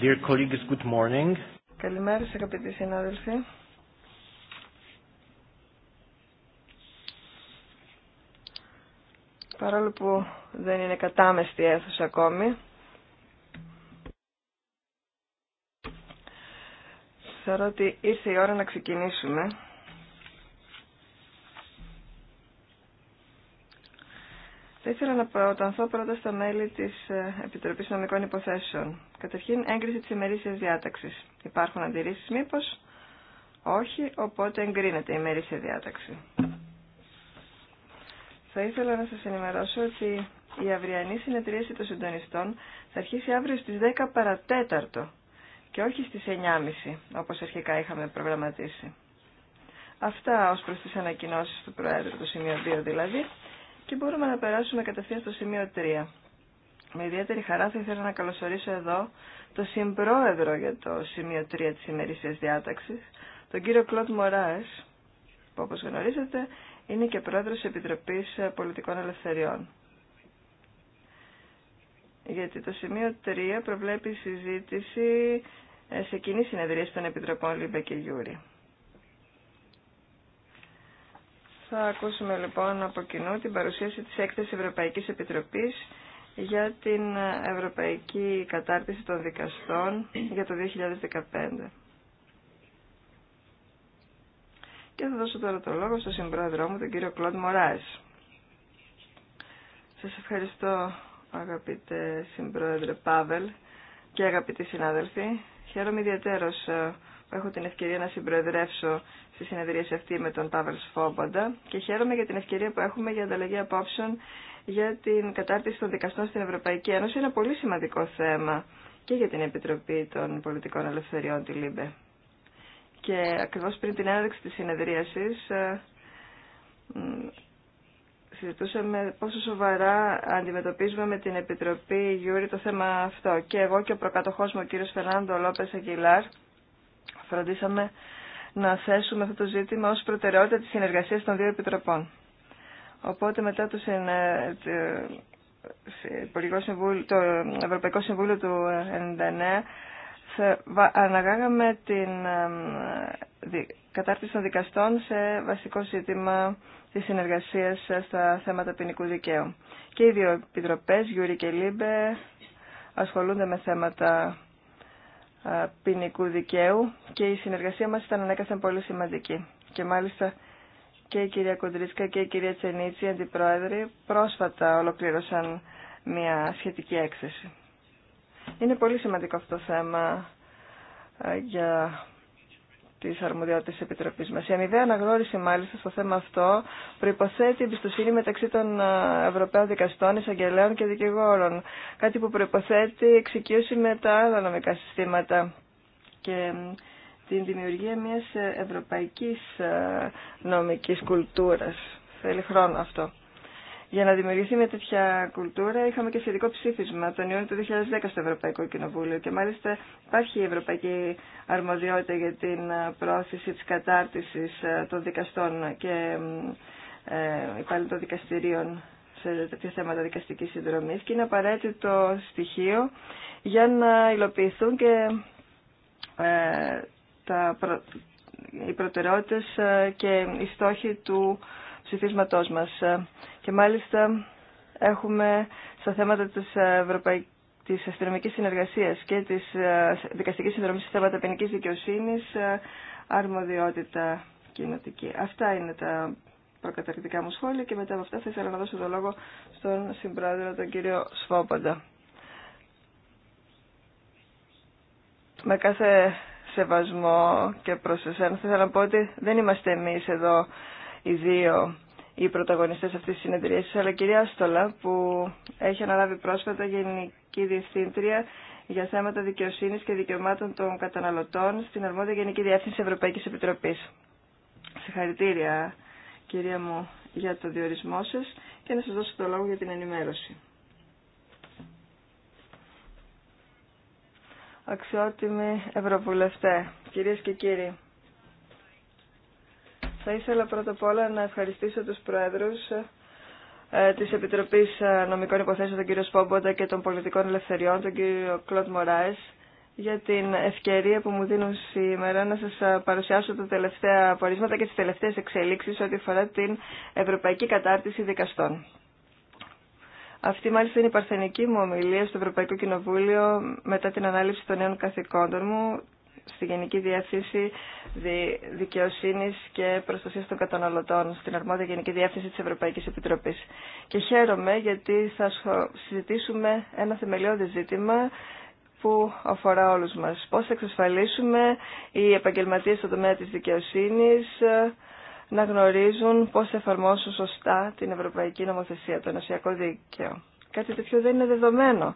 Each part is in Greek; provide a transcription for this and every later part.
Dear colleagues, good morning. Καλημέρα σε αγαπητοί συνάδελφοι. Παρόλο που δεν είναι κατάμεστη αίθουσα ακόμη, θεωρώ ότι ήρθε η ώρα να ξεκινήσουμε. Θα ήθελα να προτανθώ πρώτα στα μέλη τη ε, Επιτροπή Νομικών Υποθέσεων. Καταρχήν, έγκριση τη ημερήσια διάταξη. Υπάρχουν αντιρρήσει, μήπω. Όχι, οπότε εγκρίνεται η ημερήσια διάταξη. Θα ήθελα να σα ενημερώσω ότι η αυριανή συνεδρίαση των συντονιστών θα αρχίσει αύριο στι 10 παρατέταρτο και όχι στι 9.30 όπω αρχικά είχαμε προγραμματίσει. Αυτά ως προς τις ανακοινώσεις του Προέδρου, το σημείο 2 δηλαδή. Και μπορούμε να περάσουμε κατευθείαν στο σημείο 3. Με ιδιαίτερη χαρά θα ήθελα να καλωσορίσω εδώ το συμπρόεδρο για το σημείο 3 της ημερήσιας διάταξης, τον κύριο Κλοντ Μωράες, που όπως γνωρίζετε είναι και πρόεδρος της Επιτροπής Πολιτικών Ελευθεριών. Γιατί το σημείο 3 προβλέπει συζήτηση σε κοινή συνεδρία των Επιτροπών Λίμπε και Γιούρη. Θα ακούσουμε λοιπόν από κοινού την παρουσίαση της έκθεσης Ευρωπαϊκής Επιτροπής για την Ευρωπαϊκή Κατάρτιση των Δικαστών για το 2015. Και θα δώσω τώρα το λόγο στον συμπρόεδρό μου, τον κύριο Κλοντ Μωράς. Σας ευχαριστώ αγαπητέ συμπρόεδρε Πάβελ και αγαπητοί συνάδελφοι. Χαίρομαι ιδιαίτερος ε, που έχω την ευκαιρία να συμπροεδρεύσω στη συνεδρία σε αυτή με τον Παύλ Σφόμποντα και χαίρομαι για την ευκαιρία που έχουμε για ανταλλαγή απόψεων για την κατάρτιση των δικαστών στην Ευρωπαϊκή Ένωση. Ένα πολύ σημαντικό θέμα και για την Επιτροπή των Πολιτικών Ελευθεριών, τη ΛΥΜΠΕ. Και ακριβώς πριν την έναρξη της συνεδρίασης ε, συζητούσαμε πόσο σοβαρά αντιμετωπίζουμε με την Επιτροπή Γιούρι το θέμα αυτό. Και εγώ και ο προκατοχός μου, ο κύριος Φερνάντο Λόπες Αγγιλάρ, φροντίσαμε να θέσουμε αυτό το ζήτημα ως προτεραιότητα της συνεργασίας των δύο επιτροπών. Οπότε μετά το, ε, το Ευρωπαϊκό Συμβούλιο του 1999 αναγάγαμε την κατάρτιση των δικαστών σε βασικό ζήτημα της συνεργασίας στα θέματα ποινικού δικαίου. Και οι δύο επιτροπές, Γιούρι και Λίμπε, ασχολούνται με θέματα ε, ποινικού δικαίου και η συνεργασία μας ήταν ανέκαθεν πολύ σημαντική. Και μάλιστα και η κυρία Κοντρίσκα και η κυρία Τσενίτση, αντιπρόεδροι, πρόσφατα ολοκλήρωσαν μια σχετική έκθεση. Είναι πολύ σημαντικό αυτό το θέμα ε, για τη αρμοδιότητα τη Επιτροπή μα. Η αμοιβαία αναγνώριση, μάλιστα, στο θέμα αυτό προποθέτει εμπιστοσύνη μεταξύ των ε, Ευρωπαίων δικαστών, εισαγγελέων και δικηγόρων. Κάτι που προποθέτει εξοικείωση με τα άλλα νομικά συστήματα και την δημιουργία μιας ε, ευρωπαϊκής ε, νομικής κουλτούρας. Θέλει χρόνο αυτό. Για να δημιουργηθεί μια τέτοια κουλτούρα είχαμε και σχετικό ψήφισμα τον Ιούνιο του 2010 στο Ευρωπαϊκό Κοινοβούλιο και μάλιστα υπάρχει η Ευρωπαϊκή Αρμοδιότητα για την ε, πρόθεση της κατάρτισης ε, των δικαστών και ε, υπάλληλων των δικαστηρίων σε τέτοια θέματα δικαστική συνδρομή. και είναι απαραίτητο στοιχείο για να υλοποιηθούν και τα οι προτεραιότητες και οι στόχοι του ψηφίσματός μας. Ε, και μάλιστα έχουμε στα θέματα της ε, Ευρωπαϊκής της αστυνομικής συνεργασίας και της ε, δικαστικής συνδρομής σε θέματα ποινικής δικαιοσύνης αρμοδιότητα κοινοτική. Αυτά είναι τα προκαταρκτικά μου σχόλια και μετά από αυτά θα ήθελα να δώσω το λόγο στον συμπρόεδρο τον κύριο Σφόποντα. Με κάθε σεβασμό και προς εσένα θα ήθελα να πω ότι δεν είμαστε εμείς εδώ οι δύο οι πρωταγωνιστές αυτής της συνεδρίας, αλλά κυρία Άστολα που έχει αναλάβει πρόσφατα Γενική Διευθύντρια για θέματα δικαιοσύνης και δικαιωμάτων των καταναλωτών στην αρμόδια Γενική Διεύθυνση Ευρωπαϊκής Επιτροπής. Συγχαρητήρια κυρία μου για το διορισμό σας και να σας δώσω το λόγο για την ενημέρωση. Αξιότιμοι Ευρωβουλευτέ, κυρίες και κύριοι, θα ήθελα πρώτα απ' όλα να ευχαριστήσω τους Πρόεδρους ε, της Επιτροπής ε, Νομικών Υποθέσεων, τον κύριο Σπόμποντα και των Πολιτικών Ελευθεριών, τον κύριο Κλοντ Μωράες, για την ευκαιρία που μου δίνουν σήμερα να σας ε, παρουσιάσω τα τελευταία απορίσματα και τις τελευταίες εξελίξεις ό,τι αφορά την Ευρωπαϊκή Κατάρτιση Δικαστών. Αυτή μάλιστα είναι η παρθενική μου ομιλία στο Ευρωπαϊκό Κοινοβούλιο μετά την ανάληψη των νέων καθηκόντων μου στη Γενική Διεύθυνση Δικαιοσύνη και Προστασία των Καταναλωτών, στην αρμόδια Γενική Διεύθυνση τη Ευρωπαϊκή Επιτροπή. Και χαίρομαι γιατί θα συζητήσουμε ένα θεμελιώδη ζήτημα που αφορά όλους μας. Πώς θα εξασφαλίσουμε οι επαγγελματίες στον τομέα της δικαιοσύνης ε, να γνωρίζουν πώς θα εφαρμόσουν σωστά την Ευρωπαϊκή Νομοθεσία, το Ενωσιακό Δίκαιο. Κάτι τέτοιο δεν είναι δεδομένο.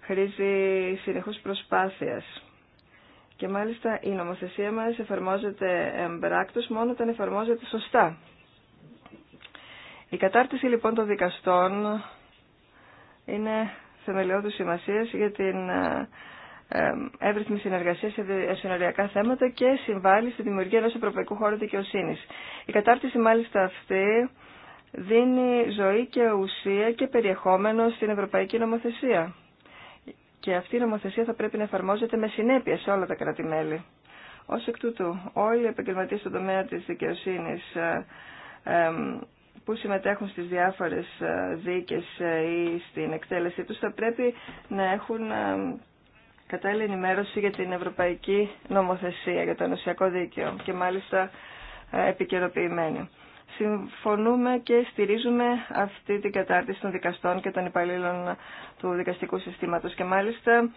Χρήζει συνεχούς προσπάθειας. Και μάλιστα η νομοθεσία μας εφαρμόζεται εμπράκτως μόνο όταν εφαρμόζεται σωστά. Η κατάρτιση λοιπόν των δικαστών είναι θεμελιώδους σημασία για την ε, ε, εύρυθμη συνεργασία σε συνοριακά θέματα και συμβάλλει στη δημιουργία ενός ευρωπαϊκού χώρου δικαιοσύνη. Η κατάρτιση μάλιστα αυτή δίνει ζωή και ουσία και περιεχόμενο στην ευρωπαϊκή νομοθεσία. Και αυτή η νομοθεσία θα πρέπει να εφαρμόζεται με συνέπεια σε όλα τα κράτη-μέλη. εκ τούτου, όλοι οι επαγγελματίε στον τομέα της δικαιοσύνη ε, που συμμετέχουν στις διάφορες ε, δίκε ε, ή στην εκτέλεσή του, θα πρέπει να έχουν κατάλληλη ενημέρωση για την ευρωπαϊκή νομοθεσία, για το ενωσιακό δίκαιο και μάλιστα επικαιροποιημένη συμφωνούμε και στηρίζουμε αυτή την κατάρτιση των δικαστών και των υπαλλήλων του δικαστικού συστήματος. Και μάλιστα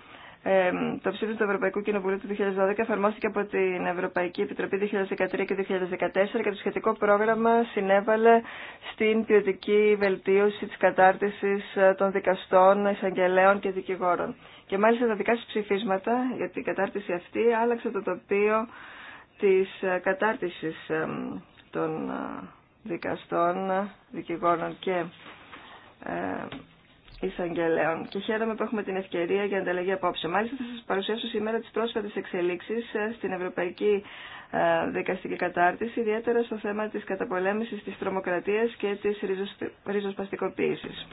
το ψήφισμα του Ευρωπαϊκού Κοινοβουλίου του 2012 εφαρμόστηκε από την Ευρωπαϊκή Επιτροπή 2013 και 2014 και το σχετικό πρόγραμμα συνέβαλε στην ποιοτική βελτίωση της κατάρτισης ε, των δικαστών, εισαγγελέων και δικηγόρων. Και μάλιστα τα δικά σας ψηφίσματα για την κατάρτιση αυτή άλλαξε το τοπίο της ε, κατάρτισης των ε, δικαστών, δικηγόρων και ε, εισαγγελέων. Και χαίρομαι που έχουμε την ευκαιρία για ανταλλαγή απόψε. Μάλιστα θα σας παρουσιάσω σήμερα τις πρόσφατες εξελίξεις ε, στην Ευρωπαϊκή ε, Δικαστική Κατάρτιση, ιδιαίτερα στο θέμα της καταπολέμησης της τρομοκρατίας και της ριζοσπαστικοποίησης.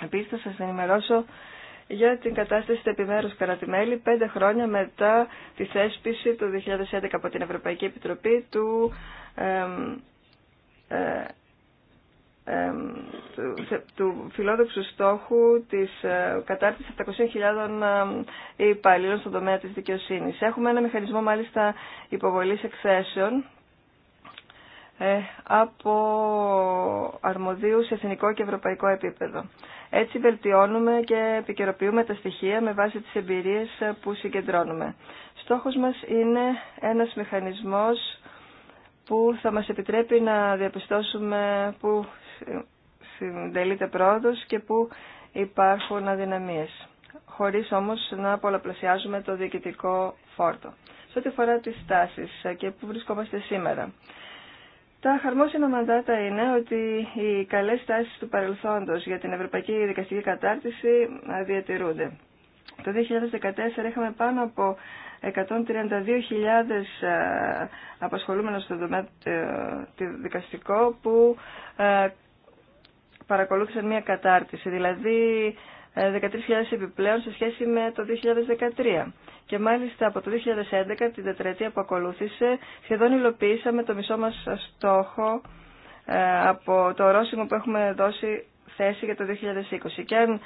Επίσης θα σας ενημερώσω για την κατάσταση του επιμέρους κρατημέλη πέντε χρόνια μετά τη θέσπιση του 2011 από την Ευρωπαϊκή Επιτροπή του ε, ε, του φιλόδοξου στόχου της ε, κατάρτισης 700.000 ε, υπαλλήλων στον τομέα της δικαιοσύνης. Έχουμε ένα μηχανισμό μάλιστα υποβολής εκθέσεων από αρμοδίου σε εθνικό και ευρωπαϊκό επίπεδο. Έτσι βελτιώνουμε και επικαιροποιούμε τα στοιχεία με βάση τις εμπειρίες που συγκεντρώνουμε. Στόχος μας είναι ένας μηχανισμός που θα μας επιτρέπει να διαπιστώσουμε που συντελείται πρόοδος και που υπάρχουν αδυναμίες, χωρίς όμως να πολλαπλασιάζουμε το διοικητικό φόρτο. Σε ό,τι αφορά τις τάσεις και που βρισκόμαστε σήμερα. Τα χαρμόσυνα μαντάτα είναι ότι οι καλές τάσεις του παρελθόντος για την Ευρωπαϊκή Δικαστική Κατάρτιση διατηρούνται. Το 2014 είχαμε πάνω από 132.000 απασχολούμενους στο δικαστικό που ε, παρακολούθησαν μια κατάρτιση, δηλαδή 13.000 ε, επιπλέον σε σχέση με το 2013. Και μάλιστα από το 2011, την τετραετία που ακολούθησε, σχεδόν υλοποιήσαμε το μισό μας στόχο ε, από το ορόσημο που έχουμε δώσει θέση για το 2020. Και αν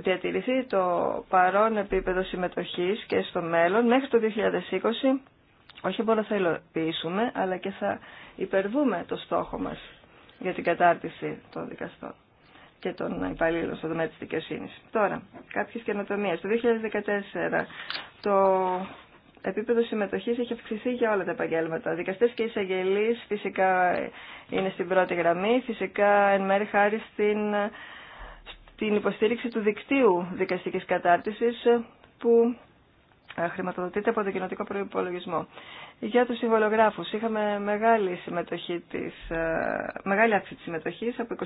διατηρηθεί το παρόν επίπεδο συμμετοχής και στο μέλλον μέχρι το 2020 όχι μόνο θα υλοποιήσουμε αλλά και θα υπερβούμε το στόχο μας για την κατάρτιση των δικαστών και των υπαλλήλων στο τομέα της δικαιοσύνης. Τώρα, κάποιες καινοτομίες. Το 2014 το επίπεδο συμμετοχής έχει αυξηθεί για όλα τα επαγγέλματα. Δικαστές και εισαγγελείς φυσικά είναι στην πρώτη γραμμή, φυσικά εν μέρει χάρη στην την υποστήριξη του δικτύου δικαστικής κατάρτισης που ε, χρηματοδοτείται από το κοινοτικό προϋπολογισμό. Για τους συμβολογράφους είχαμε μεγάλη, συμμετοχή της, ε, μεγάλη αύξηση συμμετοχής από 21%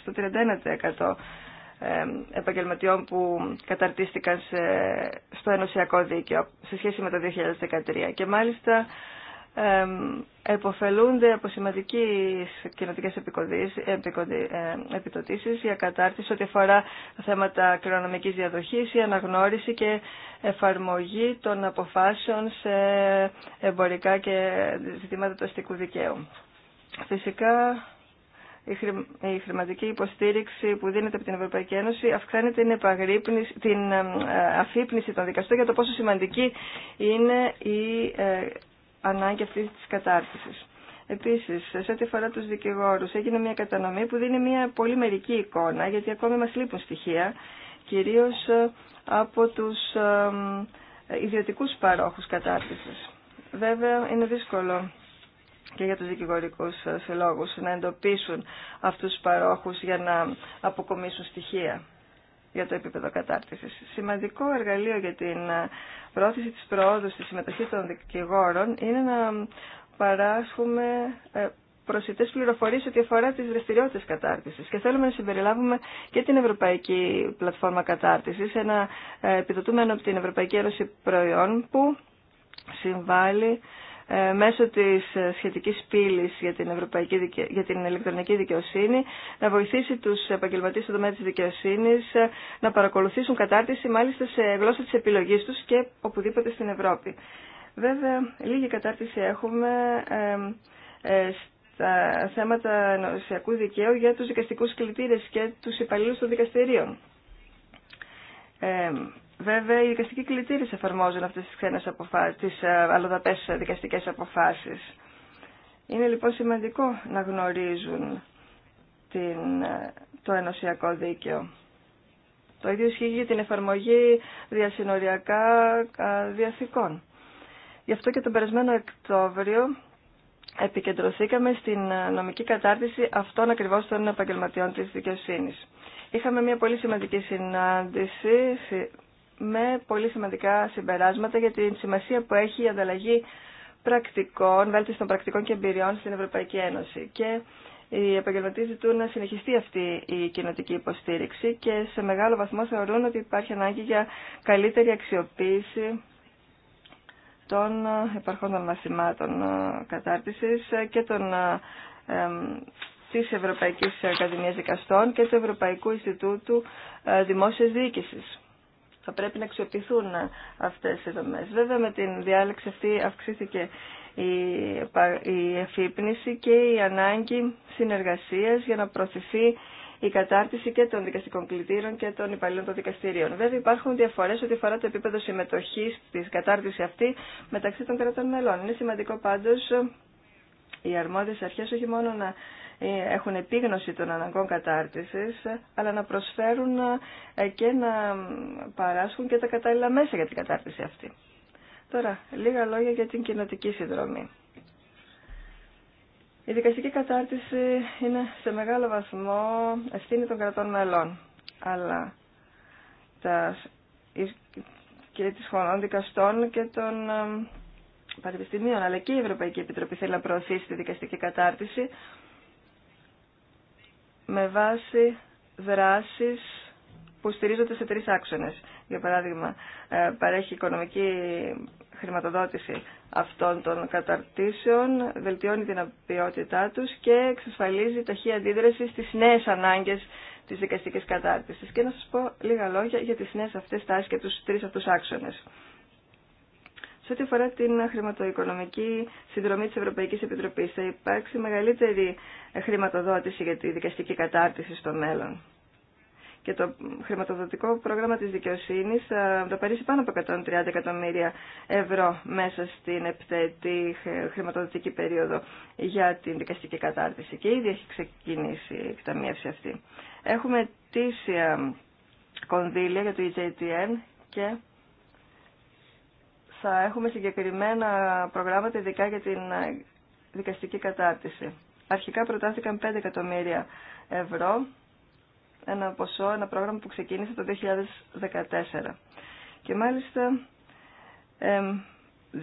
στο 31% ε, επαγγελματιών που καταρτίστηκαν στο ενωσιακό δίκαιο σε σχέση με το 2013. Και μάλιστα εποφελούνται από σημαντικέ κοινοτικέ ε, επιδοτήσει για κατάρτιση ό,τι αφορά θέματα κληρονομικής διαδοχής, η αναγνώριση και εφαρμογή των αποφάσεων σε εμπορικά και ζητήματα του αστικού δικαίου. Φυσικά, η χρηματική υποστήριξη που δίνεται από την Ευρωπαϊκή Ένωση αυξάνει την, την ε, αφύπνιση των δικαστών για το πόσο σημαντική είναι η ε, ανάγκη αυτή της κατάρτιση. Επίσης, σε ό,τι αφορά του δικηγόρου έγινε μια κατανομή που δίνει μια πολύ μερική εικόνα, γιατί ακόμη μας λείπουν στοιχεία, κυρίως ε, από τους ε, ε, ιδιωτικού παρόχους κατάρτιση. Βέβαια, είναι δύσκολο και για τους δικηγορικούς συλλόγους να εντοπίσουν αυτούς τους παρόχους για να αποκομίσουν στοιχεία για το επίπεδο κατάρτισης. Σημαντικό εργαλείο για την ε, πρόθεση της προόδου στη συμμετοχή των δικηγόρων είναι να παράσχουμε ε, προσιτές πληροφορίες ότι αφορά τις δραστηριότητες κατάρτισης και θέλουμε να συμπεριλάβουμε και την Ευρωπαϊκή Πλατφόρμα Κατάρτισης, ένα ε, επιδοτούμενο από την Ευρωπαϊκή Ένωση Προϊόν που συμβάλλει ε, μέσω της ε, σχετικής πύλης για την, Ευρωπαϊκή, για την ηλεκτρονική δικαιοσύνη να βοηθήσει τους επαγγελματίες στον τομέα της δικαιοσύνης ε, να παρακολουθήσουν κατάρτιση μάλιστα σε γλώσσα της επιλογής τους και οπουδήποτε στην Ευρώπη. Βέβαια, λίγη κατάρτιση έχουμε στα θέματα νοσιακού δικαίου για τους δικαστικούς κλητήρες και τους υπαλλήλους των δικαστηρίων. Βέβαια, οι δικαστικοί κλητήρε εφαρμόζουν αυτέ τι ξένες αποφάσεις, τις ε, αλλοδαπές δικαστικές αποφάσεις. Είναι λοιπόν σημαντικό να γνωρίζουν την, ε, το ενωσιακό δίκαιο. Το ίδιο ισχύει για την εφαρμογή διασυνοριακά ε, διαθήκων. Γι' αυτό και τον περασμένο Οκτώβριο επικεντρωθήκαμε στην νομική κατάρτιση αυτών ακριβώς των επαγγελματιών της δικαιοσύνης. Είχαμε μια πολύ σημαντική συνάντηση με πολύ σημαντικά συμπεράσματα για την σημασία που έχει η ανταλλαγή πρακτικών, των πρακτικών και εμπειριών στην Ευρωπαϊκή Ένωση. Και οι επαγγελματίε ζητούν να συνεχιστεί αυτή η κοινοτική υποστήριξη και σε μεγάλο βαθμό θεωρούν ότι υπάρχει ανάγκη για καλύτερη αξιοποίηση των επαρχόντων μαθημάτων ε, κατάρτισης και των, ε, της Ευρωπαϊκής Ακαδημίας Δικαστών και του Ευρωπαϊκού Ινστιτούτου ε, Δημόσιας Διοίκησης. Θα πρέπει να αξιοποιηθούν αυτές οι δομές. Βέβαια με την διάλεξη αυτή αυξήθηκε η εφύπνιση και η ανάγκη συνεργασίας για να προωθηθεί η κατάρτιση και των δικαστικών κλητήρων και των υπαλλήλων των δικαστηρίων. Βέβαια, υπάρχουν διαφορέ ό,τι αφορά το επίπεδο συμμετοχή της κατάρτιση αυτή μεταξύ των κρατών μελών. Είναι σημαντικό πάντω οι αρμόδιε αρχέ όχι μόνο να ε, έχουν επίγνωση των αναγκών κατάρτισης, αλλά να προσφέρουν ε, και να παράσχουν και τα κατάλληλα μέσα για την κατάρτιση αυτή. Τώρα, λίγα λόγια για την κοινοτική συνδρομή. Η δικαστική κατάρτιση είναι σε μεγάλο βαθμό ευθύνη των κρατών μελών, αλλά τα, και της χωρών δικαστών και των ε, πανεπιστημίων, αλλά και η Ευρωπαϊκή Επιτροπή θέλει να προωθήσει τη δικαστική κατάρτιση, με βάση δράσεις που στηρίζονται σε τρεις άξονες. Για παράδειγμα, ε, παρέχει οικονομική χρηματοδότηση αυτών των καταρτήσεων, βελτιώνει την ποιότητά τους και εξασφαλίζει ταχύ αντίδραση στις νέες ανάγκες της δικαστικής κατάρτισης. Και να σας πω λίγα λόγια για τις νέες αυτές τάσεις και τους τρεις αυτούς άξονες. Σε ό,τι αφορά την χρηματοοικονομική συνδρομή της Ευρωπαϊκής Επιτροπής, θα υπάρξει μεγαλύτερη χρηματοδότηση για τη δικαστική κατάρτιση στο μέλλον. Και το χρηματοδοτικό πρόγραμμα της δικαιοσύνης θα δαπανίσει πάνω από 130 εκατομμύρια ευρώ μέσα στην επτέτη χρηματοδοτική περίοδο για την δικαστική κατάρτιση. Και ήδη έχει ξεκινήσει η εκταμείευση αυτή. Έχουμε τήσια κονδύλια για το EJTN και θα έχουμε συγκεκριμένα προγράμματα ειδικά για την ε, δικαστική κατάρτιση. Αρχικά προτάθηκαν 5 εκατομμύρια ευρώ, ένα ποσό, ένα πρόγραμμα που ξεκίνησε το 2014. Και μάλιστα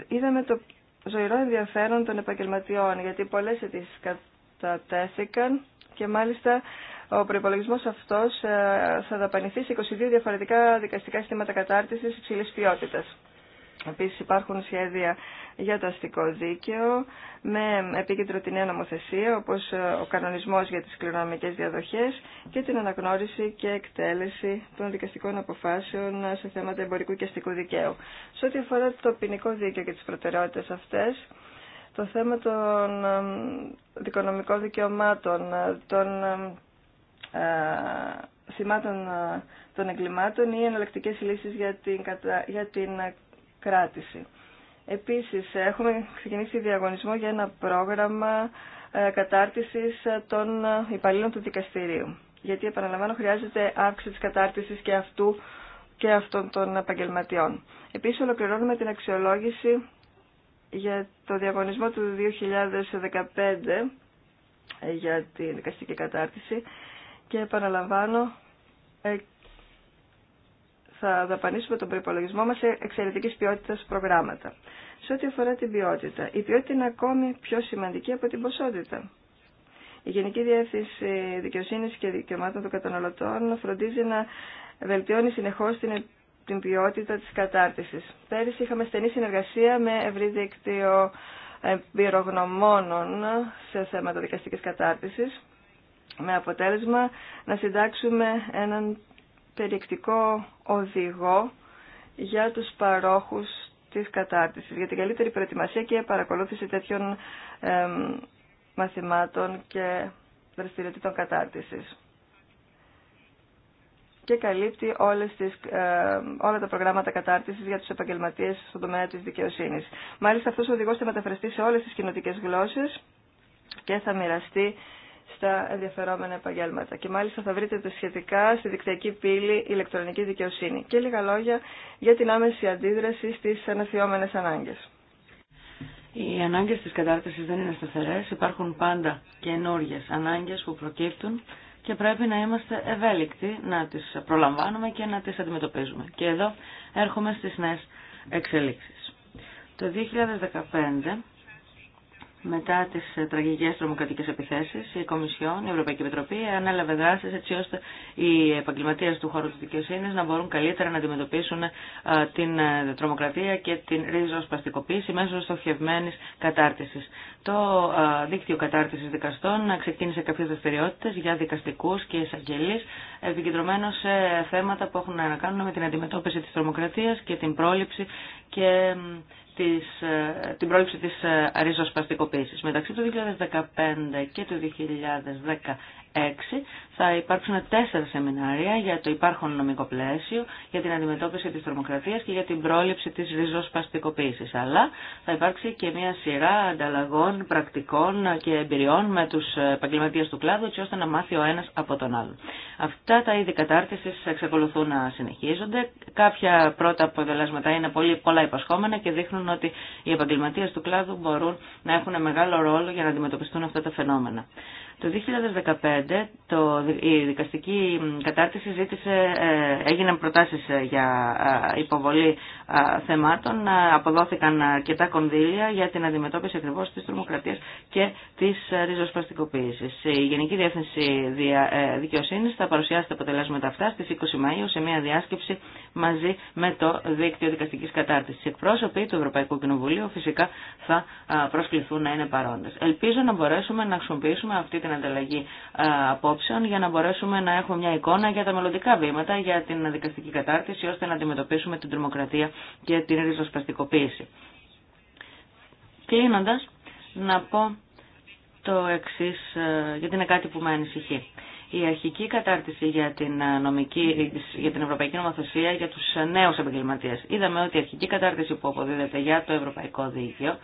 είδαμε το ζωηρό ενδιαφέρον των επαγγελματιών, γιατί πολλές αιτήσεις κατατέθηκαν και μάλιστα ο προϋπολογισμός αυτός ε, θα δαπανηθεί σε 22 διαφορετικά δικαστικά συστήματα κατάρτισης υψηλή ποιότητας. Επίσης υπάρχουν σχέδια για το αστικό δίκαιο με επίκεντρο την νέα νομοθεσία όπως ε, ο κανονισμός για τις κληρονομικές διαδοχές και την αναγνώριση και εκτέλεση των δικαστικών αποφάσεων σε θέματα εμπορικού και αστικού δικαίου. Σε ό,τι αφορά το ποινικό δίκαιο και τις προτεραιότητες αυτές, το θέμα των δικονομικών δικαιωμάτων, των ε, θυμάτων ε, των εγκλημάτων ή εναλλακτικέ λύσεις για την, για την κράτηση. Επίσης, έχουμε ξεκινήσει διαγωνισμό για ένα πρόγραμμα κατάρτισης των υπαλλήλων του δικαστηρίου. Γιατί, επαναλαμβάνω, χρειάζεται αύξηση της κατάρτισης και αυτού και αυτών των επαγγελματιών. Επίσης, ολοκληρώνουμε την αξιολόγηση για το διαγωνισμό του 2015 για την δικαστική κατάρτιση και επαναλαμβάνω θα δαπανίσουμε τον προπολογισμό μα σε εξαιρετική ποιότητα προγράμματα. Σε ό,τι αφορά την ποιότητα, η ποιότητα είναι ακόμη πιο σημαντική από την ποσότητα. Η Γενική Διεύθυνση Δικαιοσύνη και Δικαιωμάτων των Καταναλωτών φροντίζει να βελτιώνει συνεχώ την, την ποιότητα της κατάρτιση. Πέρυσι είχαμε στενή συνεργασία με ευρύ δίκτυο εμπειρογνωμόνων σε θέματα δικαστική κατάρτιση με αποτέλεσμα να συντάξουμε έναν περιεκτικό οδηγό για τους παρόχους της κατάρτισης, για την καλύτερη προετοιμασία και παρακολούθηση τέτοιων μαθημάτων και δραστηριοτήτων κατάρτισης. Και καλύπτει όλες τις, όλα τα προγράμματα κατάρτισης για τους επαγγελματίες στον τομέα της δικαιοσύνης. Μάλιστα αυτός ο οδηγός θα μεταφραστεί σε όλες τις κοινοτικές γλώσσες και θα μοιραστεί τα ενδιαφερόμενα επαγγέλματα. Και μάλιστα θα βρείτε τα σχετικά στη δικτυακή πύλη ηλεκτρονική δικαιοσύνη. Και λίγα λόγια για την άμεση αντίδραση στι αναφιόμενες ανάγκε. Οι ανάγκε τη κατάρτιση δεν είναι σταθερέ. υπάρχουν πάντα καινούργιε ανάγκε που προκύπτουν και πρέπει να είμαστε ευέλικτοι να τι προλαμβάνουμε και να τι αντιμετωπίζουμε. Και εδώ έρχομαι στι νέε εξελίξει. Το 2015 μετά τι ε, τραγικέ τρομοκρατικέ επιθέσει, η Κομισιόν, η Ευρωπαϊκή Επιτροπή, ανέλαβε δράσει έτσι ώστε οι επαγγελματίε του χώρου τη δικαιοσύνη να μπορούν καλύτερα να αντιμετωπίσουν ε, την ε, τρομοκρατία και την ριζοσπαστικοποίηση μέσω στοχευμένη κατάρτιση. Το δίκτυο κατάρτιση δικαστών ξεκίνησε κάποιε δραστηριότητε για δικαστικού και εισαγγελεί, επικεντρωμένο σε θέματα που έχουν να κάνουν με την αντιμετώπιση τη τρομοκρατία και την πρόληψη και της, ε, την πρόληψη της ε, ριζοσπαστικοποίησης. Μεταξύ του 2015 και του θα υπάρξουν τέσσερα σεμινάρια για το υπάρχον νομικό πλαίσιο, για την αντιμετώπιση της τρομοκρατίας και για την πρόληψη της ριζοσπαστικοποίησης. Αλλά θα υπάρξει και μια σειρά ανταλλαγών, πρακτικών και εμπειριών με τους επαγγελματίε του κλάδου, έτσι ώστε να μάθει ο ένας από τον άλλον. Αυτά τα είδη κατάρτισης εξακολουθούν να συνεχίζονται. Κάποια πρώτα αποτελέσματα είναι πολύ πολλά υπασχόμενα και δείχνουν ότι οι επαγγελματίε του κλάδου μπορούν να έχουν μεγάλο ρόλο για να αντιμετωπιστούν αυτά τα φαινόμενα. Το 2015 το, η δικαστική κατάρτιση ζήτησε, ε, έγιναν προτάσεις ε, για ε, υποβολή θεμάτων αποδόθηκαν αρκετά κονδύλια για την αντιμετώπιση ακριβώ τη τρομοκρατία και τη ριζοσπαστικοποίηση. Η Γενική Διεύθυνση ε, Δικαιοσύνη θα παρουσιάσει τα αποτελέσματα αυτά στι 20 Μαΐου σε μια διάσκεψη μαζί με το Δίκτυο Δικαστική Κατάρτιση. Οι εκπρόσωποι του Ευρωπαϊκού Κοινοβουλίου φυσικά θα προσκληθούν να είναι παρόντε. Ελπίζω να μπορέσουμε να χρησιμοποιήσουμε αυτή την ανταλλαγή απόψεων για να μπορέσουμε να έχουμε μια εικόνα για τα μελλοντικά βήματα για την δικαστική κατάρτιση ώστε να αντιμετωπίσουμε την τρομοκρατία και την ριζοσπαστικοποίηση. Κλείνοντα να πω το εξή ε, γιατί είναι κάτι που με ανησυχεί. Η αρχική κατάρτιση για την, ε, νομική, για την Ευρωπαϊκή Νομοθεσία για τους ε, νέους επαγγελματίες. Είδαμε ότι η αρχική κατάρτιση που αποδίδεται για το Ευρωπαϊκό Δίκαιο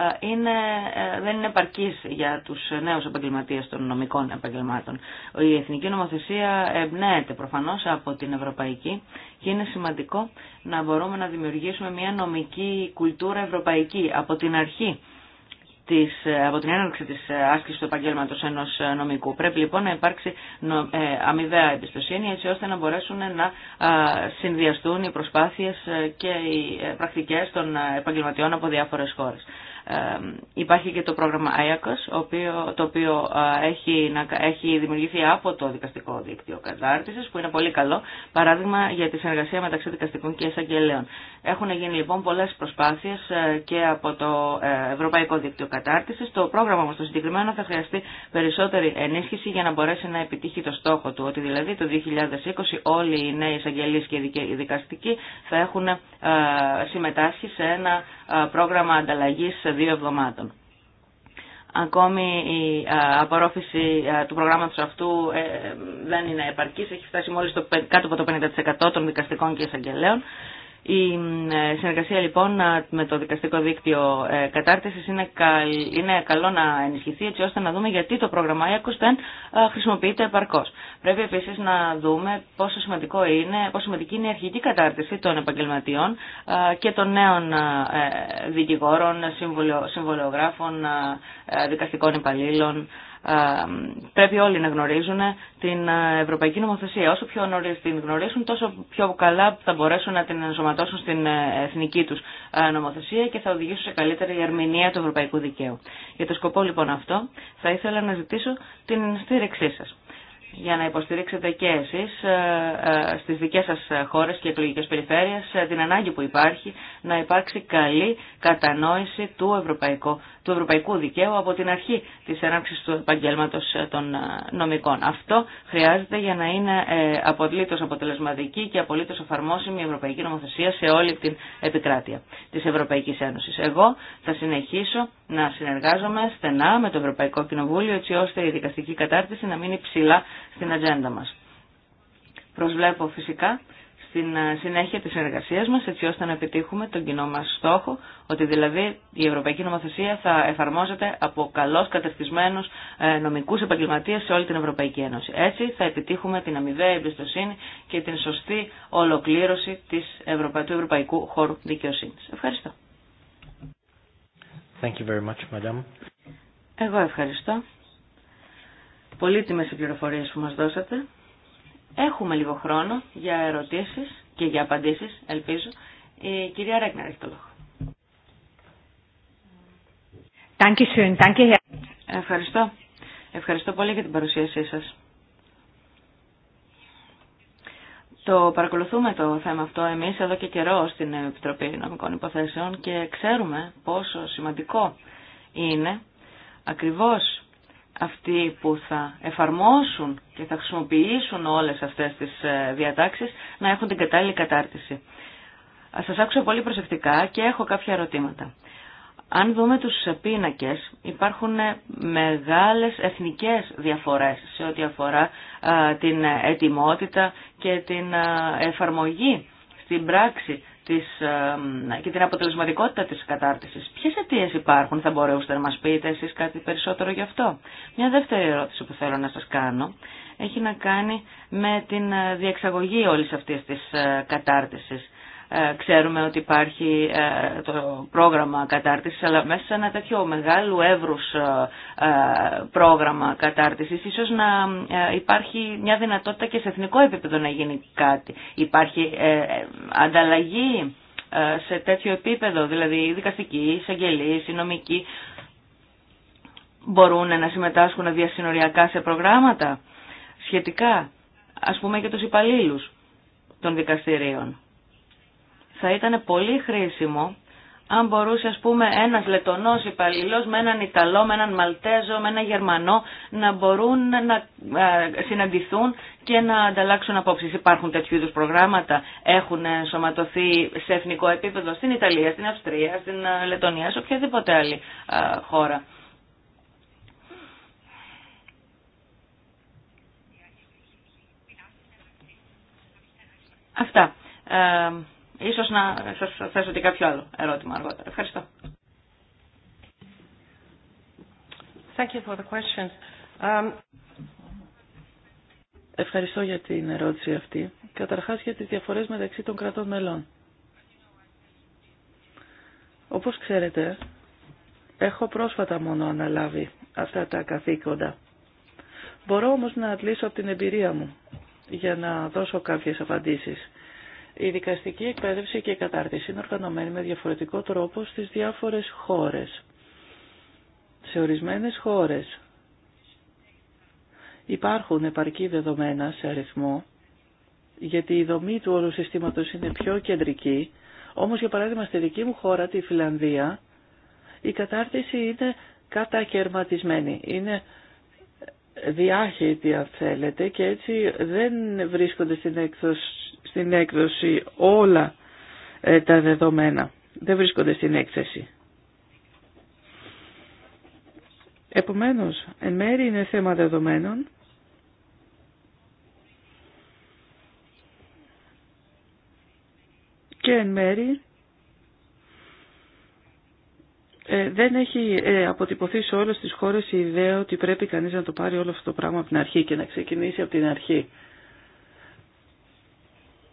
ε, είναι, ε, δεν είναι επαρκή για του νέου επαγγελματίε των νομικών επαγγελμάτων. Η εθνική νομοθεσία εμπνέεται προφανώ από την ευρωπαϊκή και είναι σημαντικό να μπορούμε να δημιουργήσουμε μια νομική κουλτούρα ευρωπαϊκή από την αρχή της, από την έναρξη της άσκησης του επαγγέλματο ενός νομικού. Πρέπει λοιπόν να υπάρξει ε, αμοιβαία εμπιστοσύνη έτσι ώστε να μπορέσουν να συνδυαστούν οι προσπάθειες και οι πρακτικές των επαγγελματιών από διάφορες χώρες υπάρχει και το πρόγραμμα IACOS, το οποίο έχει, δημιουργηθεί από το δικαστικό δίκτυο κατάρτιση, που είναι πολύ καλό παράδειγμα για τη συνεργασία μεταξύ δικαστικών και εισαγγελέων. Έχουν γίνει λοιπόν πολλές προσπάθειες ε, και από το ε, Ευρωπαϊκό Δίκτυο Κατάρτισης. Το πρόγραμμα όμω το συγκεκριμένο θα χρειαστεί περισσότερη ενίσχυση για να μπορέσει να επιτύχει το στόχο του, ότι δηλαδή το 2020 όλοι οι νέοι εισαγγελεί και οι δικαστικοί θα έχουν ε, συμμετάσχει σε ένα πρόγραμμα ανταλλαγή δύο εβδομάδων. Ακόμη η απορρόφηση του προγράμματος αυτού ε, δεν είναι επαρκής, έχει φτάσει μόλις το, κάτω από το 50% των δικαστικών και εισαγγελέων η ε, συνεργασία λοιπόν με το δικαστικό δίκτυο ε, κατάρτισης είναι, καλό να ενισχυθεί έτσι ώστε να δούμε γιατί το πρόγραμμα IACOS χρησιμοποιείται επαρκώς. Πρέπει επίσης να δούμε πόσο, σημαντικό είναι, πόσο σημαντική είναι η αρχική κατάρτιση των επαγγελματιών και των νέων ε, δικηγόρων, συμβολιογράφων, δικαστικών υπαλλήλων ε, πρέπει όλοι να γνωρίζουν την ε, ευρωπαϊκή νομοθεσία. Όσο πιο νωρί την γνωρίσουν, τόσο πιο καλά θα μπορέσουν να την ενσωματώσουν στην ε, εθνική του νομοθεσία και θα οδηγήσουν σε καλύτερη ερμηνεία του ευρωπαϊκού δικαίου. Για το σκοπό λοιπόν αυτό, θα ήθελα να ζητήσω την στήριξή σα για να υποστηρίξετε και εσείς στις δικές σας χώρες και εκλογικές περιφέρειες την ανάγκη που υπάρχει να υπάρξει καλή κατανόηση του ευρωπαϊκού του ευρωπαϊκού δικαίου από την αρχή της έναρξης του επαγγέλματο ε, των ε, νομικών. Αυτό χρειάζεται για να είναι ε, απολύτω αποτελεσματική και απολύτως εφαρμόσιμη η ευρωπαϊκή νομοθεσία σε όλη την επικράτεια της Ευρωπαϊκής Ένωση. Εγώ θα συνεχίσω να συνεργάζομαι στενά με το Ευρωπαϊκό Κοινοβούλιο έτσι ώστε η δικαστική κατάρτιση να μείνει ψηλά στην ατζέντα μας. Προσβλέπω φυσικά στην ε, συνέχεια της εργασίας μας έτσι ώστε να επιτύχουμε τον κοινό μας στόχο ότι δηλαδή η Ευρωπαϊκή Νομοθεσία θα εφαρμόζεται από καλώς κατευθυσμένους ε, νομικούς επαγγελματίες σε όλη την Ευρωπαϊκή Ένωση. Έτσι θα επιτύχουμε την αμοιβαία εμπιστοσύνη και την σωστή ολοκλήρωση της του Ευρωπαϊκού Χώρου Δικαιοσύνης. Ευχαριστώ. Thank you very much, madam. Εγώ ευχαριστώ. Πολύτιμες οι πληροφορίες που μας δώσατε. Έχουμε λίγο χρόνο για ερωτήσεις και για απαντήσεις, ελπίζω. Η κυρία Ρέγνερ έχει το λόγο. Ευχαριστώ. Ευχαριστώ πολύ για την παρουσίασή σας. Το παρακολουθούμε το θέμα αυτό εμείς εδώ και καιρό στην Επιτροπή Νομικών Υποθέσεων και ξέρουμε πόσο σημαντικό είναι ακριβώς αυτοί που θα εφαρμόσουν και θα χρησιμοποιήσουν όλες αυτές τις ε, διατάξεις να έχουν την κατάλληλη κατάρτιση. Σας άκουσα πολύ προσεκτικά και έχω κάποια ερωτήματα. Αν δούμε τους πίνακες, υπάρχουν ε, μεγάλες εθνικές διαφορές σε ό,τι αφορά την ετοιμότητα και την εφαρμογή στην πράξη της, ε, και την αποτελεσματικότητα της κατάρτισης. Ποιες αιτίε υπάρχουν, θα μπορούσατε να μας πείτε εσείς κάτι περισσότερο γι' αυτό. Μια δεύτερη ερώτηση που θέλω να σας κάνω έχει να κάνει με την διεξαγωγή όλης αυτής της ε, κατάρτισης. Ε, ξέρουμε ότι υπάρχει ε, το πρόγραμμα κατάρτισης, αλλά μέσα σε ένα τέτοιο μεγάλου εύρους ε, πρόγραμμα κατάρτισης, ίσως να υπάρχει μια δυνατότητα και σε εθνικό επίπεδο να γίνει κάτι. Υπάρχει ανταλλαγή σε τέτοιο επίπεδο, δηλαδή οι δικαστικοί, οι εισαγγελείς, οι νομικοί μπορούν να συμμετάσχουν διασυνοριακά σε προγράμματα σχετικά, ας πούμε και τους υπαλλήλους των δικαστηρίων θα ήταν πολύ χρήσιμο αν μπορούσε ας πούμε ένας Λετωνός υπαλληλός με έναν Ιταλό, με έναν Μαλτέζο, με έναν Γερμανό να μπορούν να ε, συναντηθούν και να ανταλλάξουν απόψεις. Υπάρχουν τέτοιου είδους προγράμματα, έχουν ε, σωματωθεί σε εθνικό επίπεδο στην Ιταλία, στην Αυστρία, στην ε, Λετωνία, σε οποιαδήποτε άλλη χώρα. Αυτά. Ίσως να σας θέσω και κάποιο άλλο ερώτημα αργότερα. Ευχαριστώ. Thank you for the questions. Um, Ευχαριστώ για την ερώτηση αυτή. Καταρχάς για τις διαφορές μεταξύ των κρατών μελών. Όπως ξέρετε, έχω πρόσφατα μόνο αναλάβει αυτά τα καθήκοντα. Μπορώ όμως να αντλήσω από την εμπειρία μου για να δώσω κάποιες απαντήσεις. Η δικαστική εκπαίδευση και η κατάρτιση είναι οργανωμένη με διαφορετικό τρόπο στις διάφορες χώρες. Σε ορισμένες χώρες υπάρχουν επαρκή δεδομένα σε αριθμό, γιατί η δομή του όλου συστήματος είναι πιο κεντρική, όμως για παράδειγμα στη δική μου χώρα, τη Φιλανδία, η κατάρτιση είναι κατακαιρματισμένη, είναι διάχυτη αν θέλετε και έτσι δεν βρίσκονται στην στην έκδοση όλα ε, τα δεδομένα. Δεν βρίσκονται στην έκθεση. Επομένως, εν μέρη είναι θέμα δεδομένων. Και εν μέρη ε, δεν έχει ε, αποτυπωθεί σε όλες τις χώρες η ιδέα ότι πρέπει κανείς να το πάρει όλο αυτό το πράγμα από την αρχή και να ξεκινήσει από την αρχή.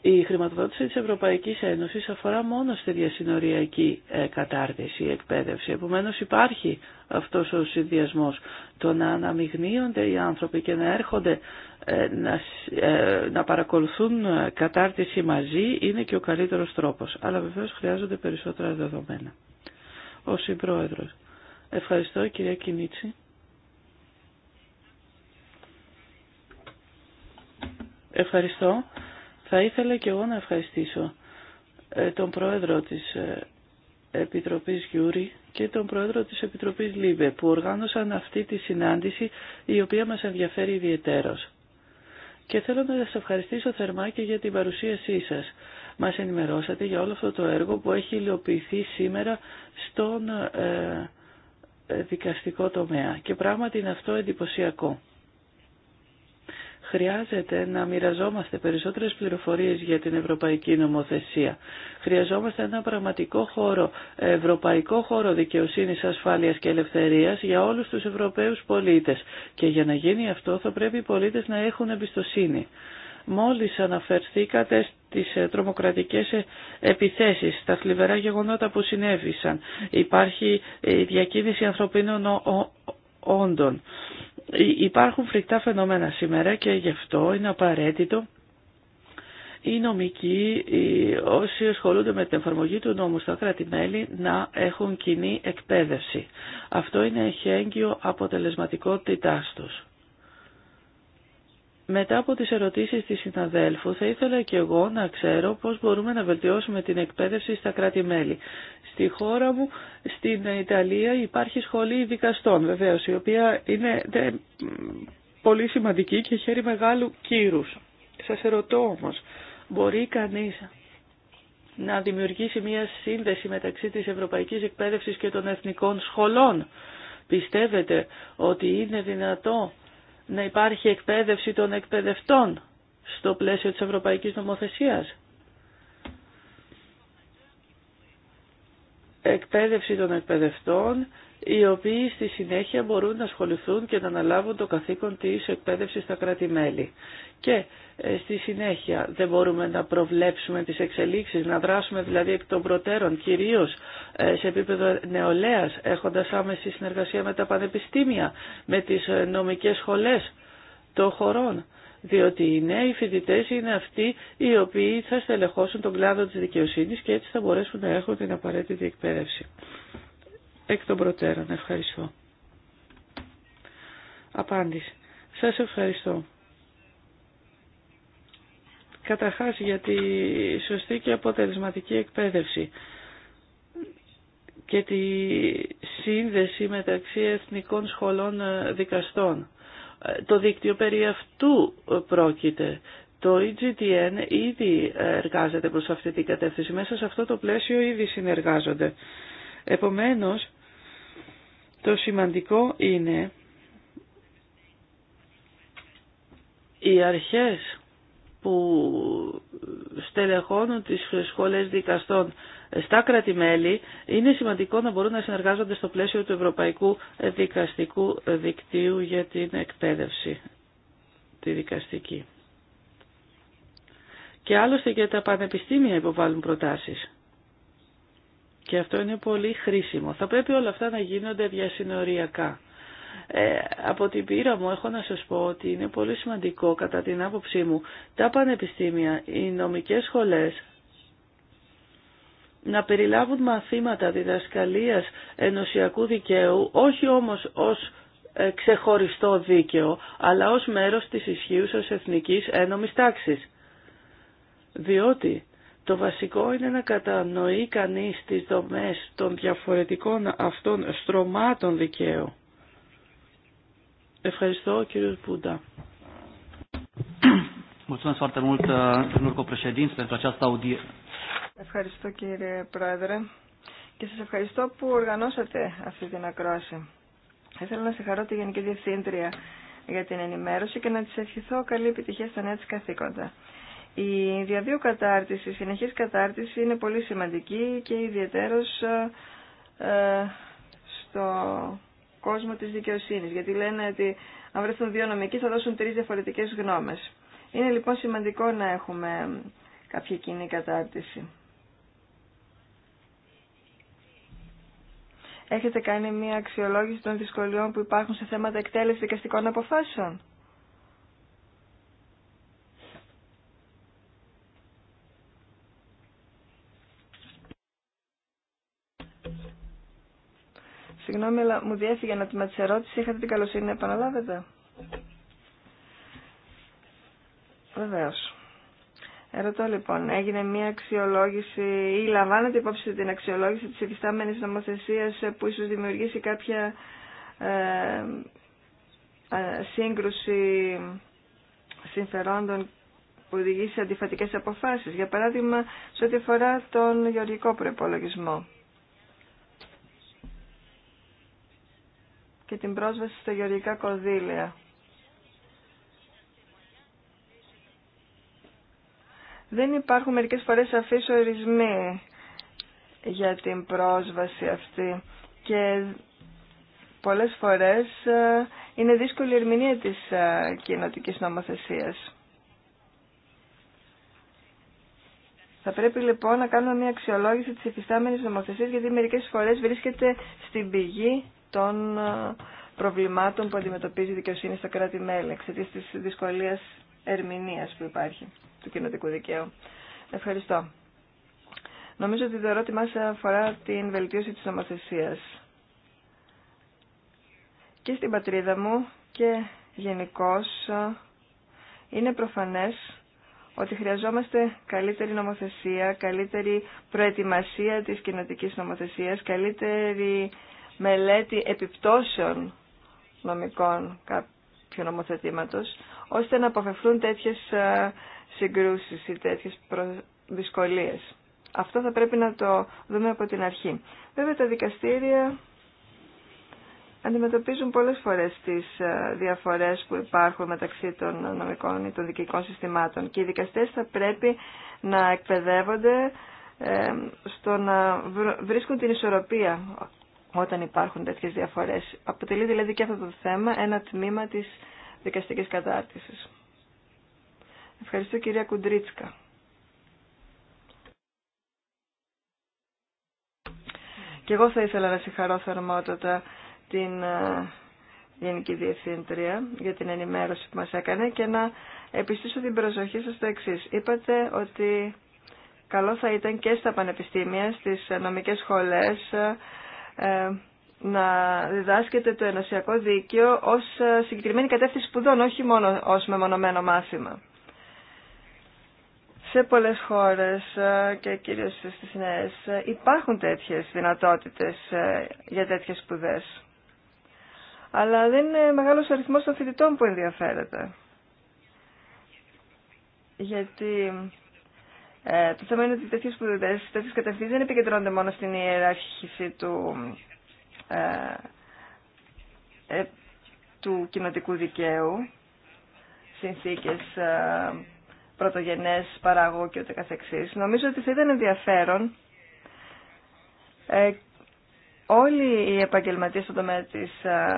Η χρηματοδότηση της Ευρωπαϊκής Ένωσης αφορά μόνο στη διασυνοριακή ε, κατάρτιση ή εκπαίδευση. Επομένως υπάρχει αυτός ο συνδυασμός. Το να αναμειγνύονται οι άνθρωποι και να έρχονται ε, ε, να, παρακολουθούν κατάρτιση μαζί είναι και ο καλύτερος τρόπος. Αλλά βεβαίως χρειάζονται περισσότερα δεδομένα. Ο Συμπρόεδρος. Ευχαριστώ κυρία Κινίτση. Ευχαριστώ. Θα ήθελα και εγώ να ευχαριστήσω ε, τον πρόεδρο της ε, Επιτροπής Γιούρη και τον πρόεδρο της Επιτροπής Λίβε που οργάνωσαν αυτή τη συνάντηση η οποία μας ενδιαφέρει ιδιαιτέρως. Και θέλω να σας ευχαριστήσω θερμά και για την παρουσίασή σας. Μας ενημερώσατε για όλο αυτό το έργο που έχει υλοποιηθεί σήμερα στον ε, δικαστικό τομέα και πράγματι είναι αυτό εντυπωσιακό χρειάζεται να μοιραζόμαστε περισσότερες πληροφορίες για την ευρωπαϊκή νομοθεσία. Χρειαζόμαστε ένα πραγματικό χώρο, ευρωπαϊκό χώρο δικαιοσύνης, ασφάλειας και ελευθερίας για όλους τους Ευρωπαίους πολίτες. Και για να γίνει αυτό θα πρέπει οι πολίτες να έχουν εμπιστοσύνη. Μόλις αναφερθήκατε στις ε, τρομοκρατικές ε, επιθέσεις, στα θλιβερά γεγονότα που συνέβησαν. Υπάρχει ε, η διακίνηση ανθρωπίνων όντων. Υπάρχουν φρικτά φαινόμενα σήμερα και γι' αυτό είναι απαραίτητο οι νομικοί, οι όσοι ασχολούνται με την εφαρμογή του νόμου στα κράτη-μέλη, να έχουν κοινή εκπαίδευση. Αυτό είναι εχέγγυο αποτελεσματικότητάς τους. Μετά από τις ερωτήσεις της συναδέλφου, θα ήθελα και εγώ να ξέρω πώς μπορούμε να βελτιώσουμε την εκπαίδευση στα κράτη-μέλη. Στη χώρα μου, στην Ιταλία, υπάρχει σχολή δικαστών, βεβαίως, η οποία είναι πολύ σημαντική και χέρι μεγάλου κύρους. Σας ερωτώ όμως, μπορεί κανείς να δημιουργήσει μια σύνδεση μεταξύ της ευρωπαϊκής εκπαίδευσης και των εθνικών σχολών. Πιστεύετε ότι είναι δυνατό να υπάρχει εκπαίδευση των εκπαιδευτών στο πλαίσιο της ευρωπαϊκής νομοθεσίας. εκπαίδευση των εκπαιδευτών, οι οποίοι στη συνέχεια μπορούν να ασχοληθούν και να αναλάβουν το καθήκον της εκπαίδευσης στα κράτη-μέλη. Και ε, στη συνέχεια δεν μπορούμε να προβλέψουμε τις εξελίξεις, να δράσουμε δηλαδή εκ των προτέρων, κυρίως ε, σε επίπεδο νεολαίας, έχοντας άμεση συνεργασία με τα πανεπιστήμια, με τις ε, νομικές σχολές των χωρών διότι οι νέοι φοιτητέ είναι αυτοί οι οποίοι θα στελεχώσουν τον κλάδο της δικαιοσύνης και έτσι θα μπορέσουν να έχουν την απαραίτητη εκπαίδευση. Εκ των προτέρων, ευχαριστώ. Απάντηση. Σας ευχαριστώ. Καταρχάς για τη σωστή και αποτελεσματική εκπαίδευση και τη σύνδεση μεταξύ εθνικών σχολών δικαστών το δίκτυο περί αυτού πρόκειται. Το EGTN ήδη εργάζεται προς αυτή την κατεύθυνση. Μέσα σε αυτό το πλαίσιο ήδη συνεργάζονται. Επομένως, το σημαντικό είναι οι αρχές που στελεχώνουν τις σχολές δικαστών στα κράτη-μέλη, είναι σημαντικό να μπορούν να συνεργάζονται στο πλαίσιο του Ευρωπαϊκού Δικαστικού Δικτύου για την εκπαίδευση, τη δικαστική. Και άλλωστε και τα πανεπιστήμια υποβάλλουν προτάσεις. Και αυτό είναι πολύ χρήσιμο. Θα πρέπει όλα αυτά να γίνονται διασυνοριακά. Ε, από την πείρα μου έχω να σας πω ότι είναι πολύ σημαντικό κατά την άποψή μου τα πανεπιστήμια, οι νομικές σχολές, να περιλάβουν μαθήματα διδασκαλίας ενωσιακού δικαίου, όχι όμως ως ε, ξεχωριστό δίκαιο, αλλά ως μέρος της ισχύουσας εθνικής ένομης τάξης. Διότι το βασικό είναι να κατανοεί κανείς τις δομές των διαφορετικών αυτών στρωμάτων δικαίου. Ευχαριστώ κύριος Πούντα. Mulțumesc foarte mult, pentru această audiență. Ευχαριστώ κύριε Πρόεδρε και σας ευχαριστώ που οργανώσατε αυτή την ακρόαση. Ήθελα να συγχαρώ τη Γενική Διευθύντρια για την ενημέρωση και να της ευχηθώ καλή επιτυχία στα νέα της καθήκοντα. Η διαβίου κατάρτιση, η συνεχής κατάρτιση είναι πολύ σημαντική και ιδιαίτερος ε, ε, στο κόσμο της δικαιοσύνης, γιατί λένε ότι αν βρεθούν δύο νομικοί θα δώσουν τρεις διαφορετικές γνώμες. Είναι λοιπόν σημαντικό να έχουμε κάποια κοινή κατάρτιση. Έχετε κάνει μια αξιολόγηση των δυσκολιών που υπάρχουν σε θέματα εκτέλεση δικαστικών αποφάσεων. Συγγνώμη, αλλά μου διέφυγε να τμήμα τη ερώτηση. Είχατε την καλοσύνη να επαναλάβετε. Βεβαίω. Ερωτώ λοιπόν, έγινε μια αξιολόγηση ή λαμβάνεται υπόψη την αξιολόγηση της εφιστάμενης νομοθεσίας που ίσως δημιουργήσει κάποια ε, ε, σύγκρουση συμφερόντων που οδηγεί σε αντιφατικές αποφάσεις. Για παράδειγμα, σε ό,τι αφορά τον γεωργικό προπολογισμό και την πρόσβαση στα γεωργικά κονδύλια. Δεν υπάρχουν μερικές φορές σαφείς ορισμοί για την πρόσβαση αυτή και πολλές φορές ε, είναι δύσκολη η ερμηνεία της ε, κοινοτικής νομοθεσίας. Θα πρέπει λοιπόν να κάνουμε μια αξιολόγηση της υφιστάμενης νομοθεσίας γιατί μερικές φορές βρίσκεται στην πηγή των ε, προβλημάτων που αντιμετωπίζει η δικαιοσύνη στα κράτη-μέλη εξαιτίας της δυσκολίας ερμηνείας που υπάρχει του κοινοτικού δικαίου. Ευχαριστώ. Νομίζω ότι το ερώτημά σας αφορά την βελτίωση της νομοθεσίας. Και στην πατρίδα μου και γενικώ είναι προφανές ότι χρειαζόμαστε καλύτερη νομοθεσία, καλύτερη προετοιμασία της κοινοτικής νομοθεσίας, καλύτερη μελέτη επιπτώσεων νομικών κάποιου νομοθετήματος, ώστε να αποφευθούν τέτοιες ε, συγκρούσεις ή τέτοιες δυσκολίες. Αυτό θα πρέπει να το δούμε από την αρχή. Βέβαια τα δικαστήρια αντιμετωπίζουν πολλές φορές τις ε, διαφορές που υπάρχουν μεταξύ των νομικών ή των δικαιικών συστημάτων και οι δικαστές θα πρέπει να εκπαιδεύονται ε, στο να βρίσκουν την ισορροπία όταν υπάρχουν τέτοιες διαφορές. Αποτελεί δηλαδή και αυτό το θέμα ένα τμήμα της δικαστικής κατάρτισης. Ευχαριστώ κυρία Κουντρίτσκα. Και εγώ θα ήθελα να συγχαρώ θερμότατα την ε, Γενική Διευθύντρια για την ενημέρωση που μας έκανε και να επιστήσω την προσοχή σας στο εξής. Είπατε ότι καλό θα ήταν και στα πανεπιστήμια, στις νομικές σχολές, ε, ε, να διδάσκεται το ενωσιακό δίκαιο ως συγκεκριμένη κατεύθυνση σπουδών, όχι μόνο ως μεμονωμένο μάθημα σε πολλές χώρες ε, και κυρίως στις νέες ε, υπάρχουν τέτοιες δυνατότητες ε, για τέτοιες σπουδέ. Αλλά δεν είναι μεγάλος αριθμός των φοιτητών που ενδιαφέρεται. Γιατί ε, το θέμα είναι ότι τέτοιε σπουδέ, τέτοιε κατευθύνσεις δεν επικεντρώνονται μόνο στην ιεράρχηση του, ε, του κοινοτικού δικαίου, συνθήκες πρωτογενές παράγω και ούτε καθεξής. Νομίζω ότι θα ήταν ενδιαφέρον ε, όλοι οι επαγγελματίες στον τομέα της ε,